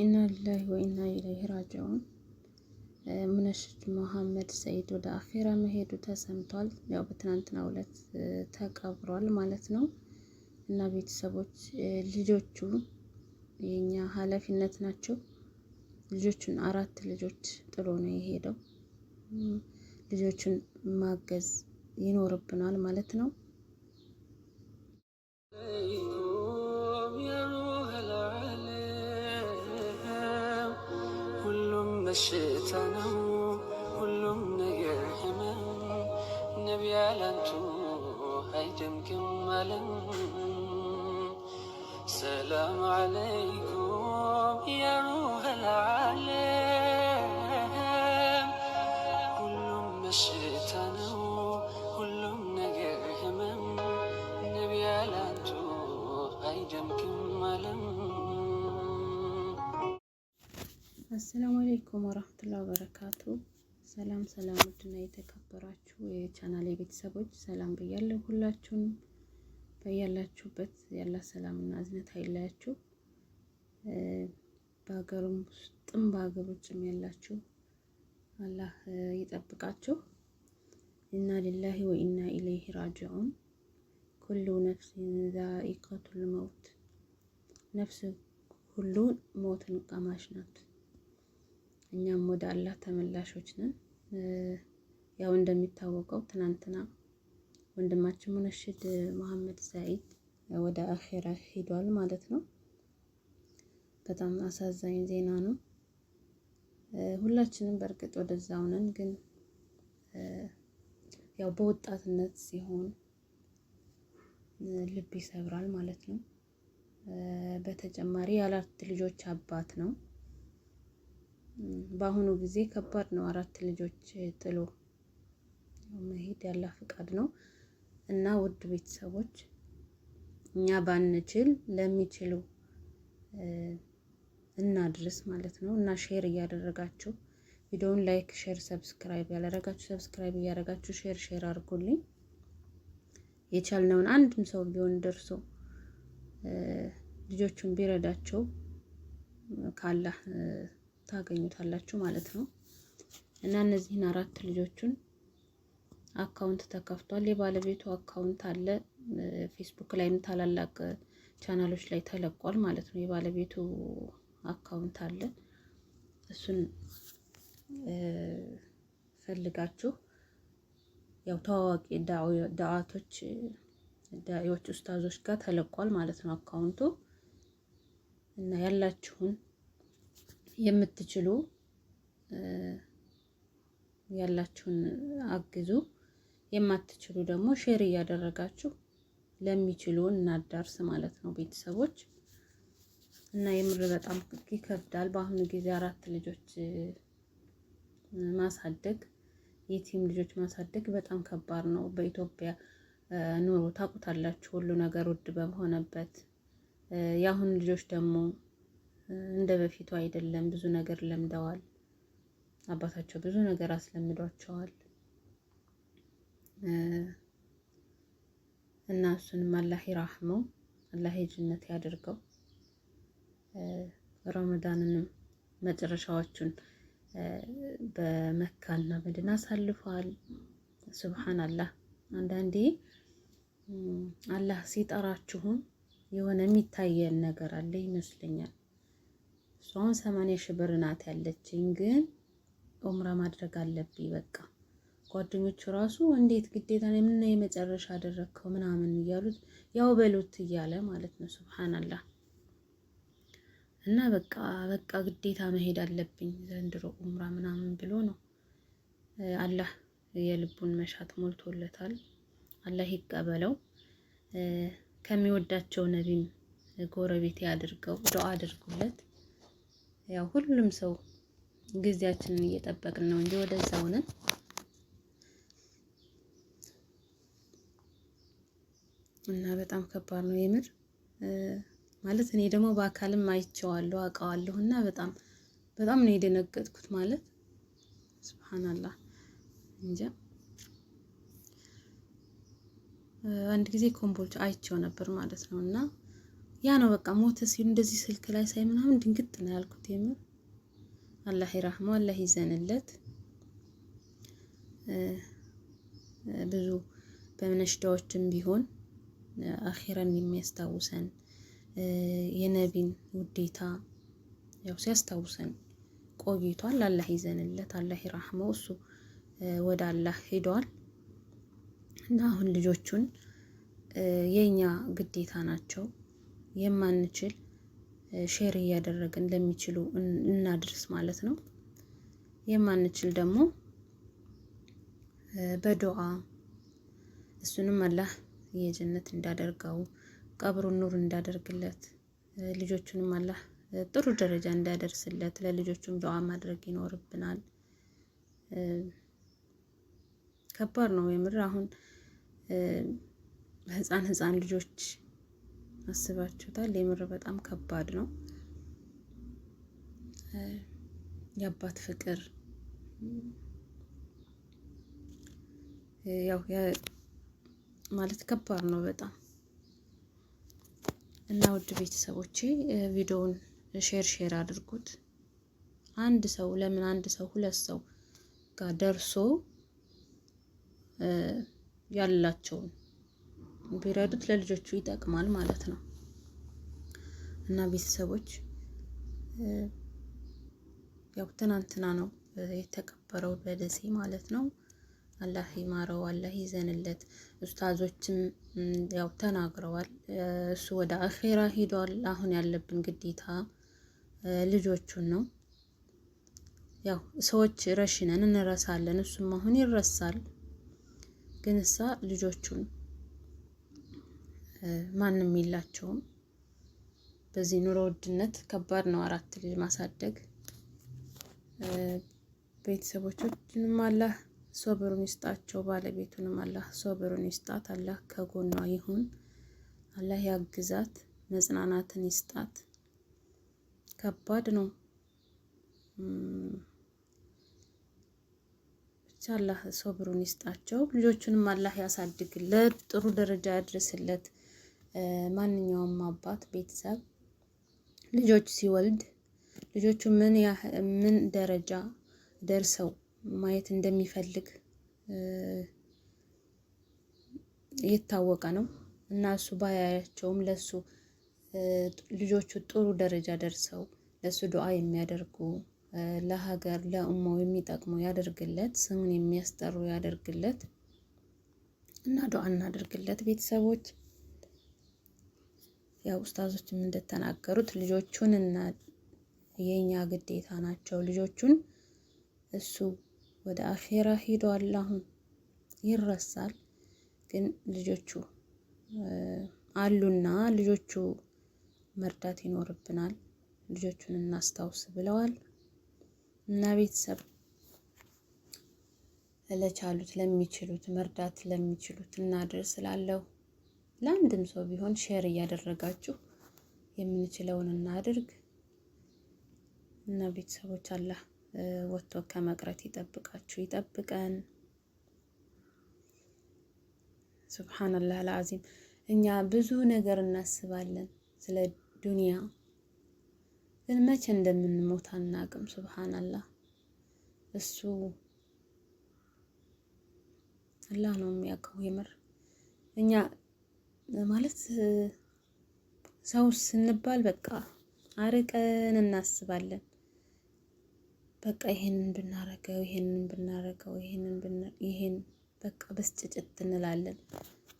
ኢና ሊላሂ ወኢና ኢለይሂ ራጂዑን ሙነሽድ መሐመድ ሰይድ ወደ አኼራ መሄዱ ተሰምቷል። ያው በትናንትናው ዕለት ተቀብሯል ማለት ነው እና ቤተሰቦች ልጆቹ የኛ ኃላፊነት ናቸው። ልጆቹን አራት ልጆች ጥሎ ነው የሄደው። ልጆቹን ማገዝ ይኖርብናል ማለት ነው። በሽታ ነው ሁሉም ነገር ህመም ነቢ ያላንቱ አይደምግም አለም ሰላም አለይኩም አሰላሙ አለይኩም ወራህመቱላሂ ወበረካቱ። ሰላም ሰላም፣ ውድና የተከበራችሁ የቻናሌ ቤተሰቦች ሰላም ብያለሁ። ሁላችሁም በያላችሁበት ያላ ሰላምና እዝነት አይለያችሁ። በሀገሩም ውስጥም በሀገር ውጭም ያላችሁ አላህ ይጠብቃችሁ። ኢና ሊላሂ ወኢና ኢለይሂ ራጂዑን። ኩሉ ነፍሲን ዛኢቀቱል መውት፣ ነፍስ ሁሉ ሞትን ቀማሽ ናት። እኛም ወደ አላህ ተመላሾች ነን። ያው እንደሚታወቀው ትናንትና ወንድማችን ሙነሽድ መሐመድ ሰዒድ ወደ አኼራ ሄዷል ማለት ነው። በጣም አሳዛኝ ዜና ነው። ሁላችንም በእርግጥ ወደዛው ነን፣ ግን ያው በወጣትነት ሲሆን ልብ ይሰብራል ማለት ነው። በተጨማሪ ያላት ልጆች አባት ነው። በአሁኑ ጊዜ ከባድ ነው። አራት ልጆች ጥሎ መሄድ ያለ ፍቃድ ነው እና ውድ ቤተሰቦች እኛ ባንችል ለሚችሉ እናድርስ ማለት ነው እና ሼር እያደረጋችሁ ቪዲዮውን ላይክ፣ ሼር፣ ሰብስክራይብ ያላረጋችሁ ሰብስክራይብ እያደረጋችሁ ሼር ሼር አድርጉልኝ። የቻልነውን አንድም ሰው ቢሆን ደርሶ ልጆቹን ቢረዳቸው ካላህ ታገኙታላችሁ ማለት ነው። እና እነዚህን አራት ልጆቹን አካውንት ተከፍቷል። የባለቤቱ አካውንት አለ ፌስቡክ ላይም ታላላቅ ቻናሎች ላይ ተለቋል ማለት ነው። የባለቤቱ አካውንት አለ። እሱን ፈልጋችሁ ያው ታዋቂ ዳዋቶች ዳዎች ኡስታዞች ጋር ተለቋል ማለት ነው አካውንቱ እና ያላችሁን የምትችሉ ያላችሁን አግዙ፣ የማትችሉ ደግሞ ሼር እያደረጋችሁ ለሚችሉ እናዳርስ ማለት ነው ቤተሰቦች እና የምር በጣም ይከብዳል። በአሁኑ ጊዜ አራት ልጆች ማሳደግ የቲም ልጆች ማሳደግ በጣም ከባድ ነው። በኢትዮጵያ ኑሮ ታውቁታላችሁ፣ ሁሉ ነገር ውድ በመሆነበት የአሁኑ ልጆች ደግሞ እንደ በፊቱ አይደለም። ብዙ ነገር ለምደዋል። አባታቸው ብዙ ነገር አስለምዷቸዋል እና እሱንም አላህ ይራህመው፣ አላህ ጅነት ያድርገው ረመዳንንም መጨረሻዎቹን በመካና በድን አሳልፈዋል። ሱብሃን አላህ። አንዳንዴ አላህ ሲጠራችሁም የሆነ የሚታየን ነገር አለ ይመስለኛል። እሷን ሰማንያ ሺህ ብር ናት ያለችኝ፣ ግን ኦምራ ማድረግ አለብኝ በቃ ጓደኞቹ ራሱ እንዴት ግዴታ ነው የምና የመጨረሻ አደረግከው ምናምን እያሉት ያው በሉት እያለ ማለት ነው። ሱብሃንአላህ እና በቃ በቃ ግዴታ መሄድ አለብኝ ዘንድሮ ኡምራ ምናምን ብሎ ነው። አላህ የልቡን መሻት ሞልቶለታል። አላህ ይቀበለው። ከሚወዳቸው ነቢም ጎረቤት ያድርገው። ዱአ አድርጉለት። ያው ሁሉም ሰው ጊዜያችንን እየጠበቅን ነው እንጂ ወደዛ ሆነን እና በጣም ከባድ ነው የምር ማለት እኔ ደግሞ በአካልም አይቼዋለሁ አውቀዋለሁ እና በጣም በጣም ነው የደነገጥኩት ማለት ሱብሃንአላህ እንጃ አንድ ጊዜ ኮምቦልቻ አይቼው ነበር ማለት ነው እና ያ ነው በቃ ሞተ ሲሉ እንደዚህ ስልክ ላይ ሳይ ምናምን ድንግጥ ነው ያልኩት። የምር አላህ ይራህመው፣ አላህ ይዘንለት። ብዙ በመነሽዳዎችም ቢሆን አኺራን የሚያስታውሰን የነቢን ውዴታ ያው ሲያስታውሰን ቆይቷል። አላህ ይዘንለት፣ አላህ ይራህመው። እሱ ወደ አላህ ሄዷል እና አሁን ልጆቹን የኛ ግዴታ ናቸው የማንችል ሼር እያደረግን ለሚችሉ እናድርስ ማለት ነው። የማንችል ደግሞ በዱዓ እሱንም አላህ የጀነት እንዳደርገው ቀብሩን ኑር እንዳደርግለት ልጆቹንም አላህ ጥሩ ደረጃ እንዳደርስለት ለልጆቹም ዱዓ ማድረግ ይኖርብናል። ከባድ ነው የምር አሁን ህፃን ህፃን ልጆች አስባችሁታል? የምር በጣም ከባድ ነው። የአባት ፍቅር ያው ማለት ከባድ ነው በጣም እና ውድ ቤተሰቦቼ ቪዲዮውን ሼር ሼር አድርጉት። አንድ ሰው ለምን አንድ ሰው ሁለት ሰው ጋር ደርሶ ያላቸውን ቢረዱት ለልጆቹ ይጠቅማል ማለት ነው። እና ቤተሰቦች ያው ትናንትና ነው የተቀበረው በደሴ ማለት ነው። አላህ ይማረው፣ አላህ ይዘንለት። ኡስታዞችም ያው ተናግረዋል። እሱ ወደ አኼራ ሂዷል። አሁን ያለብን ግዴታ ልጆቹን ነው። ያው ሰዎች ረሽነን እንረሳለን፣ እሱም አሁን ይረሳል። ግን እሳ ልጆቹን ማንም የላቸውም። በዚህ ኑሮ ውድነት ከባድ ነው አራት ልጅ ማሳደግ። ቤተሰቦቻችንም አላህ ሶብሩን ይስጣቸው፣ ባለቤቱንም አላህ ሶብሩን ይስጣት፣ አላህ ከጎኗ ይሁን፣ አላህ ያግዛት፣ መጽናናትን ይስጣት። ከባድ ነው ብቻ አላህ ሶብሩን ይስጣቸው። ልጆቹንም አላህ ያሳድግለት፣ ጥሩ ደረጃ ያድርስለት። ማንኛውም አባት ቤተሰብ ልጆች ሲወልድ ልጆቹ ምን ምን ደረጃ ደርሰው ማየት እንደሚፈልግ እየታወቀ ነው እና እሱ ባያያቸውም ለሱ ልጆቹ ጥሩ ደረጃ ደርሰው ለሱ ዱዓ የሚያደርጉ ለሀገር ለእማው የሚጠቅሙ ያደርግለት፣ ስሙን የሚያስጠሩ ያደርግለት እና ዱዓ እናደርግለት ቤተሰቦች። ያው ኡስታዞችም እንደተናገሩት ልጆቹን እና የኛ ግዴታ ናቸው። ልጆቹን እሱ ወደ አኼራ ሂዷል፣ አሁን ይረሳል። ግን ልጆቹ አሉና ልጆቹ መርዳት ይኖርብናል። ልጆቹን እናስታውስ ብለዋል እና ቤተሰብ ለቻሉት ለሚችሉት መርዳት ለሚችሉት እናድርስ ስላለው ለአንድም ሰው ቢሆን ሼር እያደረጋችሁ የምንችለውን እናድርግ እና ቤተሰቦች አላህ ወጥቶ ከመቅረት ይጠብቃችሁ ይጠብቀን። ሱብሃንአላህ አልዓዚም። እኛ ብዙ ነገር እናስባለን ስለ ዱንያ፣ ግን መቼ እንደምንሞት አናቅም። ሱብሃንአላህ እሱ አላህ ነው የሚያውቀው የምር እኛ ማለት ሰው ስንባል በቃ አርቀን እናስባለን። በቃ ይሄንን ብናረገው ይሄንን ብናረገው ይሄንን ይሄን በቃ በስጭጭት እንላለን።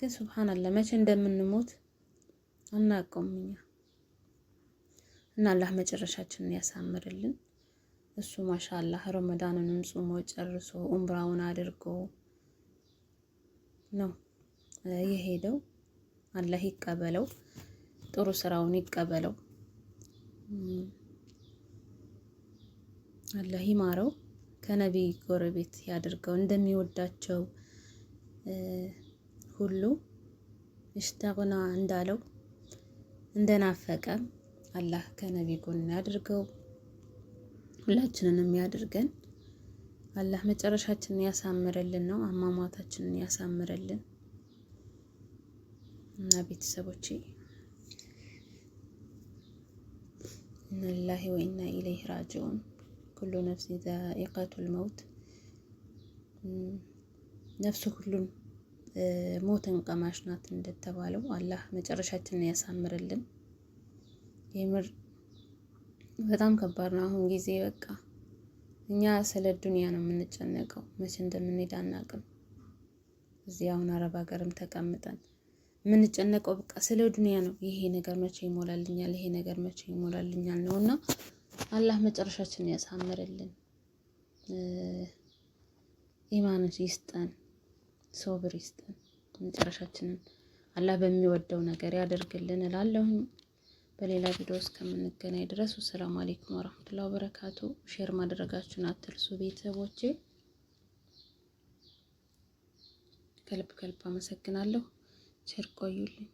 ግን ሱብሃንአላህ መቼ እንደምንሞት አናውቀውም እኛ እና አላህ መጨረሻችንን ያሳምርልን። እሱ ማሻአላህ ረመዳንንም ጾሞ ጨርሶ ኡምራውን አድርጎ ነው የሄደው። አላህ ይቀበለው፣ ጥሩ ስራውን ይቀበለው፣ አላህ ይማረው፣ ከነቢይ ጎረቤት ያድርገው እንደሚወዳቸው ሁሉ እሽተቅና እንዳለው እንደናፈቀ አላህ ከነቢ ጎን ያድርገው፣ ሁላችንንም ያድርገን። አላህ መጨረሻችንን ያሳምረልን ነው አሟሟታችንን ያሳምረልን። እና ቤተሰቦቼ ኢና ሊላሂ ወኢና ኢለይሂ ራጂዑን ኩሉ ነፍሲ ዛኢቀቱል መውት ነፍሱ ሁሉም ሞትን ቀማሽ ናት እንደተባለው አላህ መጨረሻችንን ያሳምርልን። የምር በጣም ከባድ ነው። አሁን ጊዜ በቃ እኛ ስለ ዱንያ ነው የምንጨነቀው፣ መቼ እንደምንሄድ አናውቅም። እዚህ አሁን አረብ ሀገርም ተቀምጠን የምንጨነቀው በቃ ስለ ዱንያ ነው። ይሄ ነገር መቼ ይሞላልኛል? ይሄ ነገር መቼ ይሞላልኛል ነው እና አላህ መጨረሻችንን ያሳምርልን፣ ኢማንን ይስጠን፣ ሶብር ይስጠን፣ መጨረሻችንን አላህ በሚወደው ነገር ያደርግልን እላለሁኝ። በሌላ ቪዲዮ እስከምንገናኝ ድረስ ሰላም አለይኩም ወራህመቱላሂ ወበረካቱ። ሼር ማድረጋችሁን አትርሱ ቤተሰቦቼ። ከልብ ከልብ አመሰግናለሁ። ቸር ቆዩልኝ።